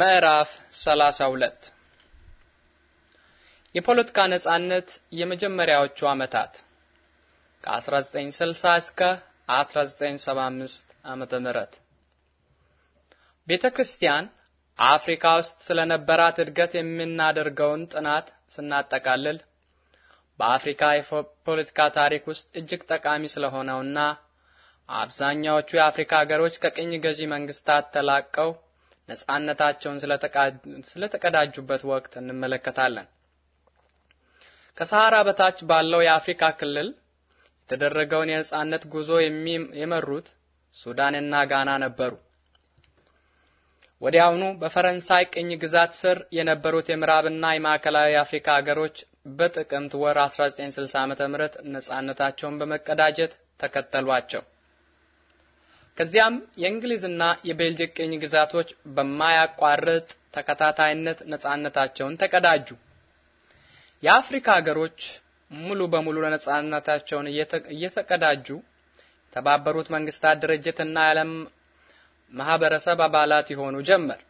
ምዕራፍ 32 የፖለቲካ ነጻነት የመጀመሪያዎቹ ዓመታት ከ1960 እስከ 1975 ዓመተ ምህረት ቤተክርስቲያን አፍሪካ ውስጥ ስለነበራት እድገት የምናደርገውን ጥናት ስናጠቃልል በአፍሪካ የፖለቲካ ታሪክ ውስጥ እጅግ ጠቃሚ ስለሆነውና አብዛኛዎቹ የአፍሪካ ሀገሮች ከቅኝ ገዢ መንግስታት ተላቀው ነጻነታቸውን ስለተቀዳጁበት ወቅት እንመለከታለን። ከሰሃራ በታች ባለው የአፍሪካ ክልል የተደረገውን የነጻነት ጉዞ የመሩት ሱዳንና ጋና ነበሩ። ወዲያውኑ በፈረንሳይ ቅኝ ግዛት ስር የነበሩት የምዕራብና የማዕከላዊ አፍሪካ ሀገሮች በጥቅምት ወር 1960 ዓ.ም ነጻነታቸውን በመቀዳጀት ተከተሏቸው። ከዚያም የእንግሊዝና የቤልጅክ ቅኝ ግዛቶች በማያቋርጥ ተከታታይነት ነጻነታቸውን ተቀዳጁ። የአፍሪካ ሀገሮች ሙሉ በሙሉ ለነጻነታቸውን እየተቀዳጁ የተባበሩት መንግስታት ድርጅትና የዓለም ማህበረሰብ አባላት የሆኑ ጀመር።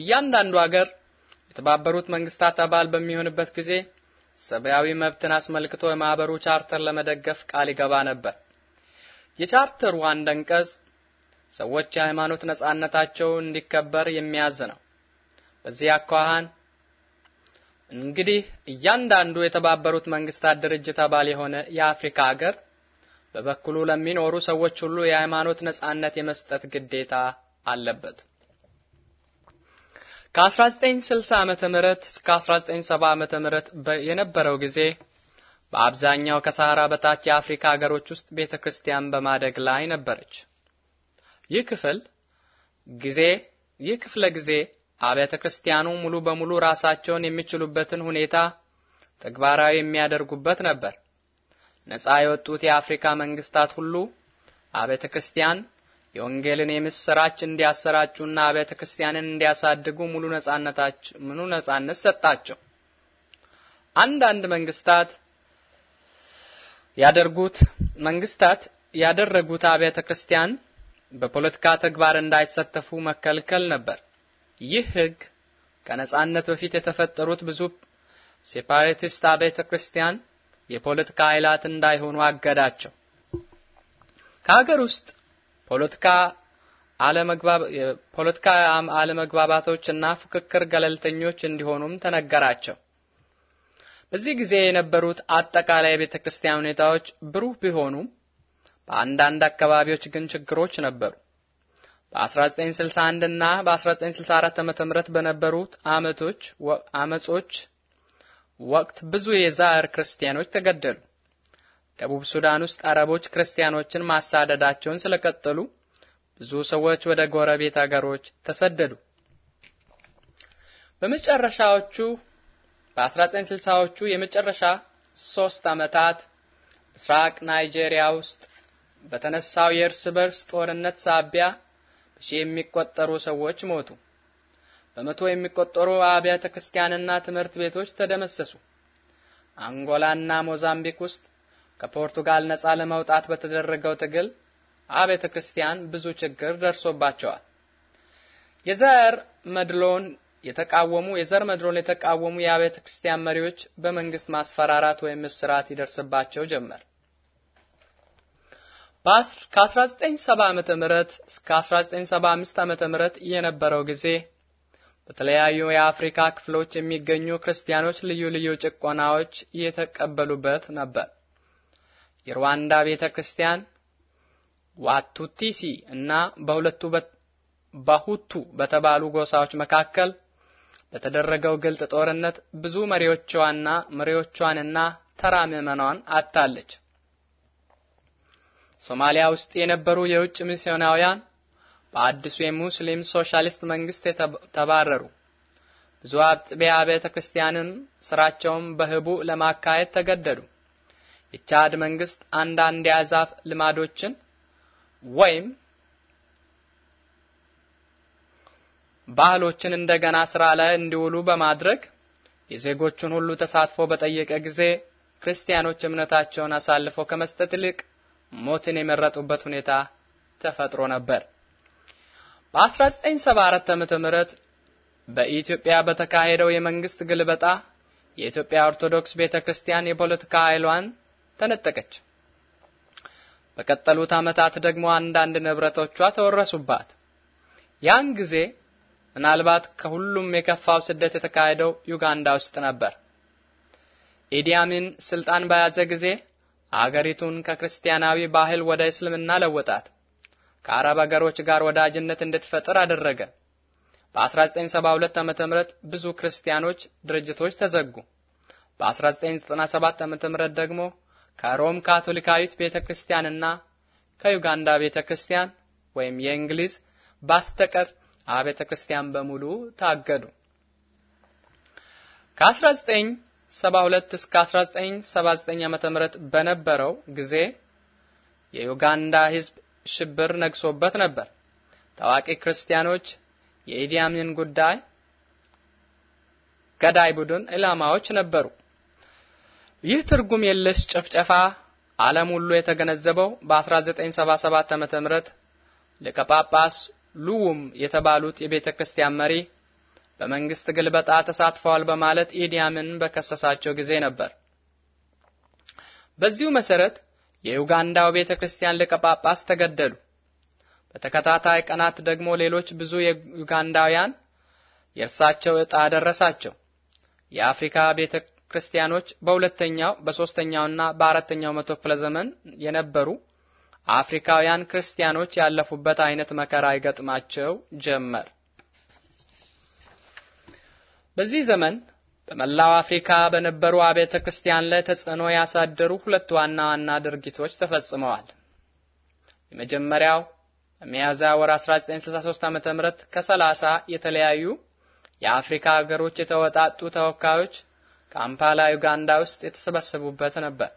እያንዳንዱ ሀገር የተባበሩት መንግስታት አባል በሚሆንበት ጊዜ ሰብአዊ መብትን አስመልክቶ የማህበሩ ቻርተር ለመደገፍ ቃል ይገባ ነበር። የቻርተሩ አንድ አንቀጽ ሰዎች የሃይማኖት ነጻነታቸው እንዲከበር የሚያዝ ነው። በዚህ አኳኋን እንግዲህ እያንዳንዱ የተባበሩት መንግስታት ድርጅት አባል የሆነ የአፍሪካ ሀገር በበኩሉ ለሚኖሩ ሰዎች ሁሉ የሃይማኖት ነጻነት የመስጠት ግዴታ አለበት። ከ1960 ዓመተ ምህረት እስከ 1970 ዓመተ ምህረት የነበረው ጊዜ በአብዛኛው ከሰሃራ በታች የአፍሪካ ሀገሮች ውስጥ ቤተ ክርስቲያን በማደግ ላይ ነበረች። ይህ ክፍል ጊዜ ይህ ክፍለ ጊዜ አብያተ ክርስቲያኑ ሙሉ በሙሉ ራሳቸውን የሚችሉበትን ሁኔታ ተግባራዊ የሚያደርጉበት ነበር። ነፃ የወጡት የአፍሪካ መንግስታት ሁሉ አብያተ ክርስቲያን የወንጌልን የምስራች እንዲያሰራጩና አብያተ ክርስቲያንን እንዲያሳድጉ ሙሉ ነፃነት ሰጣቸው። አንዳንድ መንግስታት ያደርጉት መንግስታት ያደረጉት አብያተ ክርስቲያን በፖለቲካ ተግባር እንዳይሳተፉ መከልከል ነበር። ይህ ህግ ከነጻነት በፊት የተፈጠሩት ብዙ ሴፓሬቲስት አብያተ ክርስቲያን የፖለቲካ ኃይላት እንዳይሆኑ አገዳቸው። ከሀገር ውስጥ ፖለቲካ አለመግባባቶች አለመግባባቶችና ፉክክር ገለልተኞች እንዲሆኑም ተነገራቸው። በዚህ ጊዜ የነበሩት አጠቃላይ የቤተ ክርስቲያን ሁኔታዎች ብሩህ ቢሆኑም በአንዳንድ አካባቢዎች ግን ችግሮች ነበሩ። በ1961 እና በ1964 ዓ.ም በነበሩት አመቶች አመጾች ወቅት ብዙ የዛር ክርስቲያኖች ተገደሉ። ደቡብ ሱዳን ውስጥ አረቦች ክርስቲያኖችን ማሳደዳቸውን ስለቀጠሉ ብዙ ሰዎች ወደ ጎረቤት አገሮች ተሰደዱ። በመጨረሻዎቹ በ1960ዎቹ የመጨረሻ ሶስት ዓመታት ምስራቅ ናይጄሪያ ውስጥ በተነሳው የእርስ በርስ ጦርነት ሳቢያ በሺ የሚቆጠሩ ሰዎች ሞቱ። በመቶ የሚቆጠሩ አብያተ ክርስቲያንና ትምህርት ቤቶች ተደመሰሱ። አንጎላና ሞዛምቢክ ውስጥ ከፖርቱጋል ነፃ ለመውጣት በተደረገው ትግል አብያተ ክርስቲያን ብዙ ችግር ደርሶባቸዋል። የዘር መድሎን የተቃወሙ የዘር መድሮን የተቃወሙ የአብያተ ክርስቲያን መሪዎች በመንግስት ማስፈራራት ወይም እስራት ይደርስባቸው ጀመር። ከ1970 ዓመተ ምህረት እስከ 1975 ዓመተ ምህረት የነበረው ጊዜ በተለያዩ የአፍሪካ ክፍሎች የሚገኙ ክርስቲያኖች ልዩ ልዩ ጭቆናዎች የተቀበሉበት ነበር። የሩዋንዳ ቤተ ክርስቲያን ዋቱቲሲ እና በሁለቱ በሁቱ በተባሉ ጎሳዎች መካከል በተደረገው ግልጥ ጦርነት ብዙ መሪዎቿና መሪዎቿንና ተራ ምዕመናን አታለች። ሶማሊያ ውስጥ የነበሩ የውጭ ሚስዮናውያን በአዲሱ የሙስሊም ሶሻሊስት መንግስት ተባረሩ። ብዙ አጥቢያ ቤተ ክርስቲያንን ስራቸውን በህቡ ለማካሄድ ተገደዱ። የቻድ መንግስት አንዳንድ የአዛፍ ልማዶችን ወይም ባህሎችን እንደገና ስራ ላይ እንዲውሉ በማድረግ የዜጎቹን ሁሉ ተሳትፎ በጠየቀ ጊዜ ክርስቲያኖች እምነታቸውን አሳልፈው ከመስጠት ይልቅ ሞትን የመረጡበት ሁኔታ ተፈጥሮ ነበር። በ1974 ዓመተ ምህረት በኢትዮጵያ በተካሄደው የመንግስት ግልበጣ የኢትዮጵያ ኦርቶዶክስ ቤተክርስቲያን የፖለቲካ ኃይሏን ተነጠቀች። በቀጠሉት ዓመታት ደግሞ አንዳንድ ንብረቶቿ ተወረሱባት። ያን ጊዜ ምናልባት ከሁሉም የከፋው ስደት የተካሄደው ዩጋንዳ ውስጥ ነበር። ኢዲያሚን ስልጣን በያዘ ጊዜ አገሪቱን ከክርስቲያናዊ ባህል ወደ እስልምና ለወጣት፣ ከአረብ አገሮች ጋር ወዳጅነት እንድትፈጥር አደረገ። በ1972 ዓ.ም ብዙ ክርስቲያኖች ድርጅቶች ተዘጉ። በ1997 ዓ.ም ደግሞ ከሮም ካቶሊካዊት ቤተክርስቲያንና ከዩጋንዳ ቤተክርስቲያን ወይም የእንግሊዝ በስተቀር አብያተ ክርስቲያን በሙሉ ታገዱ። ከ1972 እስከ 1979 ዓም በነበረው ጊዜ የዩጋንዳ ህዝብ ሽብር ነግሶበት ነበር። ታዋቂ ክርስቲያኖች የኢዲያሚን ጉዳይ ገዳይ ቡድን ኢላማዎች ነበሩ። ይህ ትርጉም የለሽ ጭፍጨፋ ዓለም ሁሉ የተገነዘበው በ1977 ዓ.ም ምህረት ሊቀ ጳጳስ ሉውም የተባሉት የቤተ ክርስቲያን መሪ በመንግስት ግልበጣ ተሳትፈዋል በማለት ኢዲ በከሰሳቸው ጊዜ ነበር። በዚሁ መሰረት የዩጋንዳው ቤተ ክርስቲያን ሊቀ ጳጳስ ተገደሉ። በተከታታይ ቀናት ደግሞ ሌሎች ብዙ የዩጋንዳውያን የእርሳቸው ዕጣ ደረሳቸው። የአፍሪካ ቤተ ክርስቲያኖች በሁለተኛው በሶስተኛውና በአራተኛው መቶ ክፍለ ዘመን የነበሩ አፍሪካውያን ክርስቲያኖች ያለፉበት አይነት መከራ ይገጥማቸው ጀመር። በዚህ ዘመን በመላው አፍሪካ በነበሩ አብያተ ክርስቲያን ላይ ተጽዕኖ ያሳደሩ ሁለት ዋና ዋና ድርጊቶች ተፈጽመዋል። የመጀመሪያው በሚያዝያ ወር 1963 ዓ ም ከ30 የተለያዩ የአፍሪካ ሀገሮች የተወጣጡ ተወካዮች ካምፓላ ዩጋንዳ ውስጥ የተሰበሰቡበት ነበር።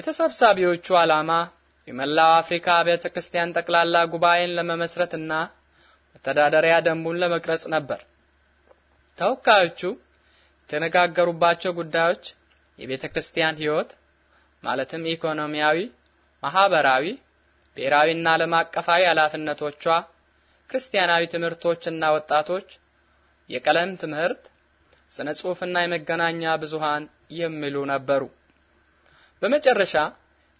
የተሰብሳቢዎቹ ዓላማ የመላው አፍሪካ አብያተ ክርስቲያን ጠቅላላ ጉባኤን ለመመስረትና መተዳደሪያ ደንቡን ለመቅረጽ ነበር። ተወካዮቹ የተነጋገሩባቸው ጉዳዮች የቤተ ክርስቲያን ሕይወት ማለትም ኢኮኖሚያዊ፣ ማህበራዊ፣ ብሔራዊና ዓለም አቀፋዊ ኃላፊነቶቿ፣ ክርስቲያናዊ ትምህርቶችና ወጣቶች፣ የቀለም ትምህርት፣ ስነ ጽሑፍና የመገናኛ ብዙሃን የሚሉ ነበሩ። በመጨረሻ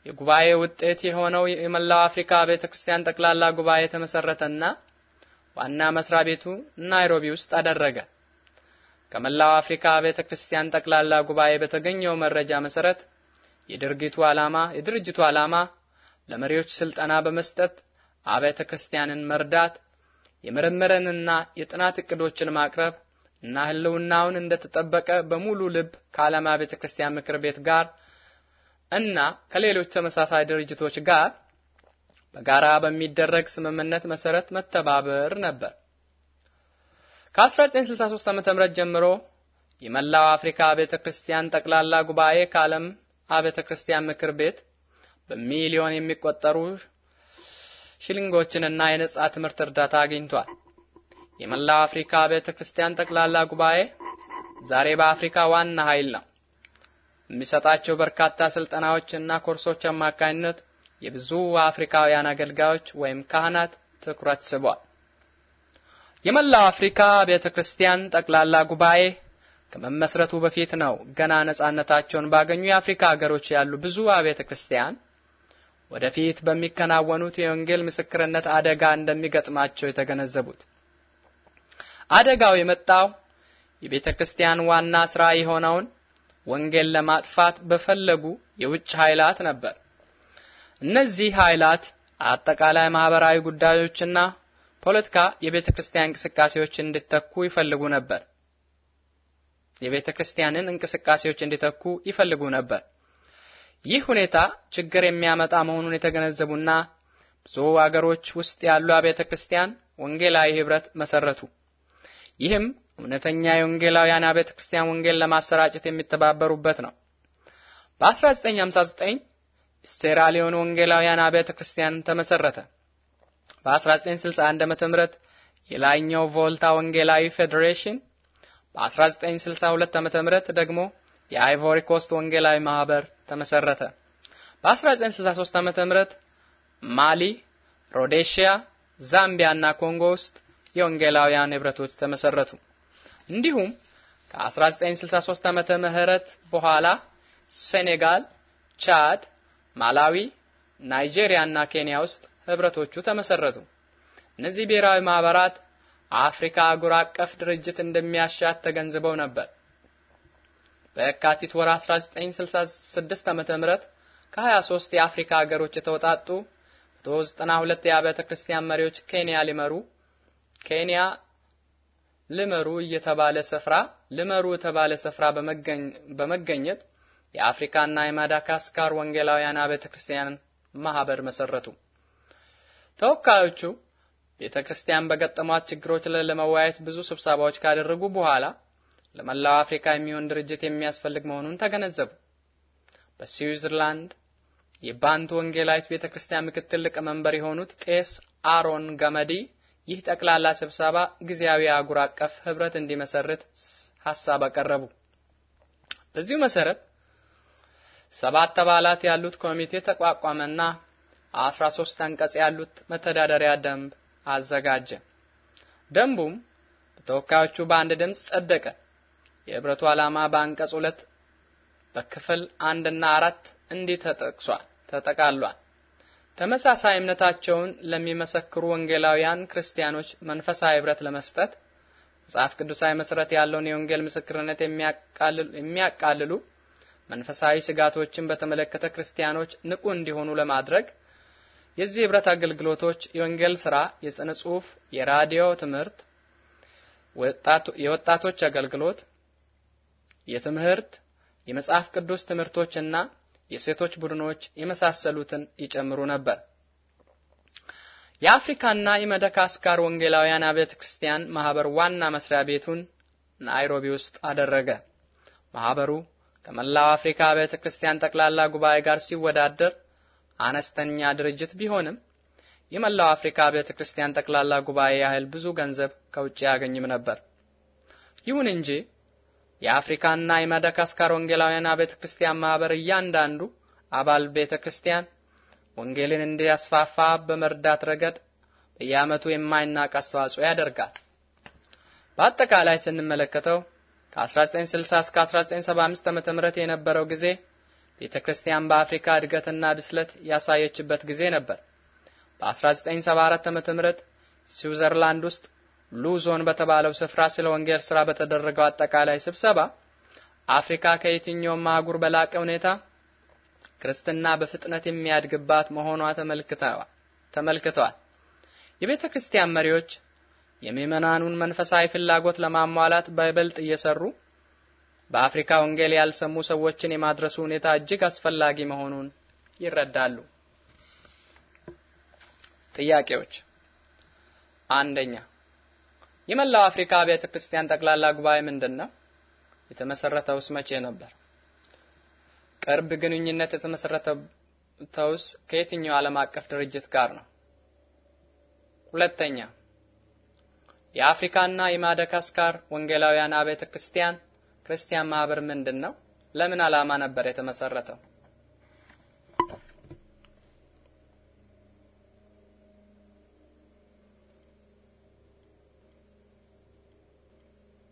የጉባኤ ውጤት የሆነው የመላው አፍሪካ ቤተ ክርስቲያን ጠቅላላ ጉባኤ ተመሰረተና ዋና መስሪያ ቤቱ ናይሮቢ ውስጥ አደረገ። ከመላው አፍሪካ ቤተ ክርስቲያን ጠቅላላ ጉባኤ በተገኘው መረጃ መሰረት የድርጊቱ ዓላማ የድርጅቱ ዓላማ ለመሪዎች ስልጠና በመስጠት አብያተ ክርስቲያንን መርዳት፣ የምርምርንና የጥናት እቅዶችን ማቅረብ እና ህልውናውን እንደተጠበቀ በሙሉ ልብ ከዓለም ቤተክርስቲያን ክርስቲያን ምክር ቤት ጋር እና ከሌሎች ተመሳሳይ ድርጅቶች ጋር በጋራ በሚደረግ ስምምነት መሰረት መተባበር ነበር። ከ1963 ዓ.ም ጀምሮ የመላው አፍሪካ ቤተ ክርስቲያን ጠቅላላ ጉባኤ ከዓለም አቤተ ክርስቲያን ምክር ቤት በሚሊዮን የሚቆጠሩ ሽሊንጎችንና የነጻ ትምህርት እርዳታ አግኝቷል። የመላው አፍሪካ ቤተ ክርስቲያን ጠቅላላ ጉባኤ ዛሬ በአፍሪካ ዋና ኃይል ነው። የሚሰጣቸው በርካታ ስልጠናዎችና ኮርሶች አማካኝነት የብዙ አፍሪካውያን አገልጋዮች ወይም ካህናት ትኩረት ስቧል። የመላው አፍሪካ ቤተክርስቲያን ጠቅላላ ጉባኤ ከመመስረቱ በፊት ነው ገና ነጻነታቸውን ባገኙ የአፍሪካ ሀገሮች ያሉ ብዙ አብያተ ክርስቲያን ወደፊት በሚከናወኑት የወንጌል ምስክርነት አደጋ እንደሚገጥማቸው የተገነዘቡት። አደጋው የመጣው የቤተ ክርስቲያን ዋና ስራ የሆነውን ወንጌል ለማጥፋት በፈለጉ የውጭ ኃይላት ነበር። እነዚህ ኃይላት አጠቃላይ ማህበራዊ ጉዳዮችና ፖለቲካ የቤተ ክርስቲያን እንቅስቃሴዎችን እንዲተኩ ይፈልጉ ነበር የቤተ ክርስቲያንን እንቅስቃሴዎች እንዲተኩ ይፈልጉ ነበር። ይህ ሁኔታ ችግር የሚያመጣ መሆኑን የተገነዘቡና ብዙ አገሮች ውስጥ ያሉ አብያተ ክርስቲያን ወንጌላዊ ህብረት መሰረቱ። ይህም እውነተኛ የወንጌላውያን አብያተ ክርስቲያን ወንጌል ለማሰራጨት የሚተባበሩበት ነው። በ1959 የሴራሊዮን ወንጌላውያን አብያተ ክርስቲያን ተመሰረተ። በ1961 ም የላይኛው ቮልታ ወንጌላዊ ፌዴሬሽን፣ በ1962 ዓ.ም ደግሞ የአይቮሪ ኮስት ወንጌላዊ ማህበር ተመሰረተ። በ1963 ዓ.ም ማሊ፣ ሮዴሺያ፣ ዛምቢያ እና ኮንጎ ውስጥ የወንጌላውያን ህብረቶች ተመሰረቱ። እንዲሁም ከ1963 ዓመተ ምህረት በኋላ ሴኔጋል፣ ቻድ፣ ማላዊ፣ ናይጄሪያ እና ኬንያ ውስጥ ህብረቶቹ ተመሰረቱ። እነዚህ ብሔራዊ ማህበራት አፍሪካ አህጉር አቀፍ ድርጅት እንደሚያሻት ተገንዝበው ነበር። በየካቲት ወር 1966 ዓመተ ምህረት ከ23 የአፍሪካ ሀገሮች የተውጣጡ 192 የአብያተ ክርስቲያን መሪዎች ኬንያ ሊመሩ ኬንያ ልመሩ የተባለ ስፍራ ልመሩ የተባለ ስፍራ በመገኘት የአፍሪካና የማዳጋስካር ወንጌላውያን አብያተ ክርስቲያን ማህበር መሰረቱ። ተወካዮቹ ቤተ ክርስቲያን በገጠሟት ችግሮች ላይ ለመወያየት ብዙ ስብሰባዎች ካደረጉ በኋላ ለመላው አፍሪካ የሚሆን ድርጅት የሚያስፈልግ መሆኑን ተገነዘቡ። በስዊዘርላንድ የባንቱ ወንጌላዊት ቤተ ክርስቲያን ምክትል ሊቀመንበር የሆኑት ቄስ አሮን ገመዲ ይህ ጠቅላላ ስብሰባ ጊዜያዊ አህጉር አቀፍ ህብረት እንዲመሰርት ሐሳብ አቀረቡ። በዚሁ መሰረት ሰባት አባላት ያሉት ኮሚቴ ተቋቋመና 13 አንቀጽ ያሉት መተዳደሪያ ደንብ አዘጋጀ። ደንቡም በተወካዮቹ በአንድ ድምፅ ጸደቀ። የህብረቱ ዓላማ በአንቀጽ ሁለት በክፍል አንድና አራት እንዲህ ተጠቅሷል ተጠቃሏል። ተመሳሳይ እምነታቸውን ለሚመሰክሩ ወንጌላውያን ክርስቲያኖች መንፈሳዊ ህብረት ለመስጠት መጽሐፍ ቅዱሳዊ መሰረት ያለውን የወንጌል ምስክርነት የሚያቃልሉ መንፈሳዊ ስጋቶችን በተመለከተ ክርስቲያኖች ንቁ እንዲሆኑ ለማድረግ የዚህ ህብረት አገልግሎቶች የወንጌል ስራ፣ የጽነ ጽሁፍ፣ የራዲዮ ትምህርት፣ የወጣቶች አገልግሎት፣ የትምህርት፣ የመጽሐፍ ቅዱስ ትምህርቶችና የሴቶች ቡድኖች የመሳሰሉትን ይጨምሩ ነበር። የአፍሪካና የመደካስካር ወንጌላውያን አብያተ ክርስቲያን ማህበር ዋና መስሪያ ቤቱን ናይሮቢ ውስጥ አደረገ። ማህበሩ ከመላው አፍሪካ አብያተ ክርስቲያን ጠቅላላ ጉባኤ ጋር ሲወዳደር አነስተኛ ድርጅት ቢሆንም የመላው አፍሪካ አብያተ ክርስቲያን ጠቅላላ ጉባኤ ያህል ብዙ ገንዘብ ከውጭ አያገኝም ነበር። ይሁን እንጂ የአፍሪካና የማዳጋስካር ወንጌላውያን አብያተ ክርስቲያን ማህበር እያንዳንዱ አባል ቤተ ክርስቲያን ወንጌልን እንዲያስፋፋ በመርዳት ረገድ በየዓመቱ የማይናቅ አስተዋጽኦ ያደርጋል። በአጠቃላይ ስንመለከተው ከ1960 እስከ 1975 ዓ.ም ምህረት የነበረው ጊዜ ቤተክርስቲያን በአፍሪካ እድገትና ብስለት ያሳየችበት ጊዜ ነበር። በ1974 ዓም ምህረት ስዊዘርላንድ ውስጥ ሉዞን በተባለው ስፍራ ስለ ወንጌል ስራ በተደረገው አጠቃላይ ስብሰባ አፍሪካ ከየትኛውም አህጉር በላቀ ሁኔታ ክርስትና በፍጥነት የሚያድግባት መሆኗ ተመልክተዋል። የቤተ ክርስቲያን መሪዎች የምእመናኑን መንፈሳዊ ፍላጎት ለማሟላት በይበልጥ እየሰሩ በአፍሪካ ወንጌል ያልሰሙ ሰዎችን የማድረሱ ሁኔታ እጅግ አስፈላጊ መሆኑን ይረዳሉ። ጥያቄዎች አንደኛ የመላው አፍሪካ አብያተ ክርስቲያን ጠቅላላ ጉባኤ ምንድን ነው? የተመሰረተውስ መቼ ነበር? ቅርብ ግንኙነት የተመሰረተውስ ከየትኛው ዓለም አቀፍ ድርጅት ጋር ነው? ሁለተኛ የአፍሪካና የማደጋስካር ወንጌላውያን አብያተ ክርስቲያን ክርስቲያን ማህበር ምንድን ነው? ለምን ዓላማ ነበር የተመሰረተው?